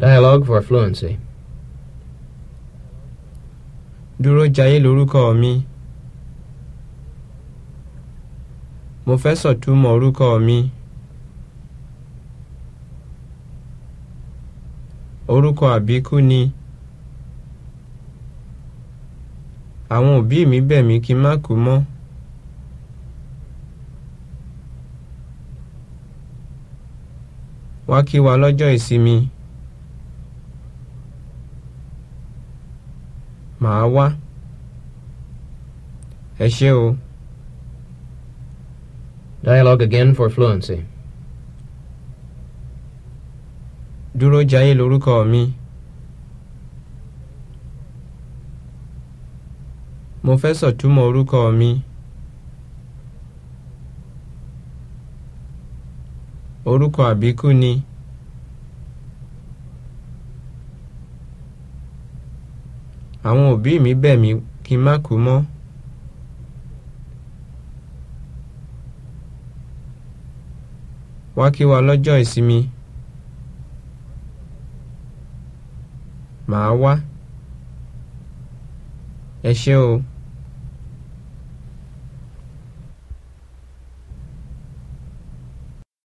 Dialogue for fluency. Dúrójayé lorúkọ mi. Mo fẹ́ sọ̀túmọ̀ orúkọ mi. Orúkọ àbíkú ni. Àwọn òbí mi bẹ̀ mí kí n má kú mọ́. Wá kí wa lọ́jọ́ ìsinmi. màá wá ẹ ṣé o. Dialogue again for fluency. Dúró jayé lorúkọ mi. Mo fẹ́ sọ̀túmọ̀ orúkọ mi. Orúkọ àbíkú ni. àwọn òbí mi bẹ̀ mí kí n má kú mọ́ wá kí wa lọ́jọ́ ìsinmi màá wá ẹ ṣé o.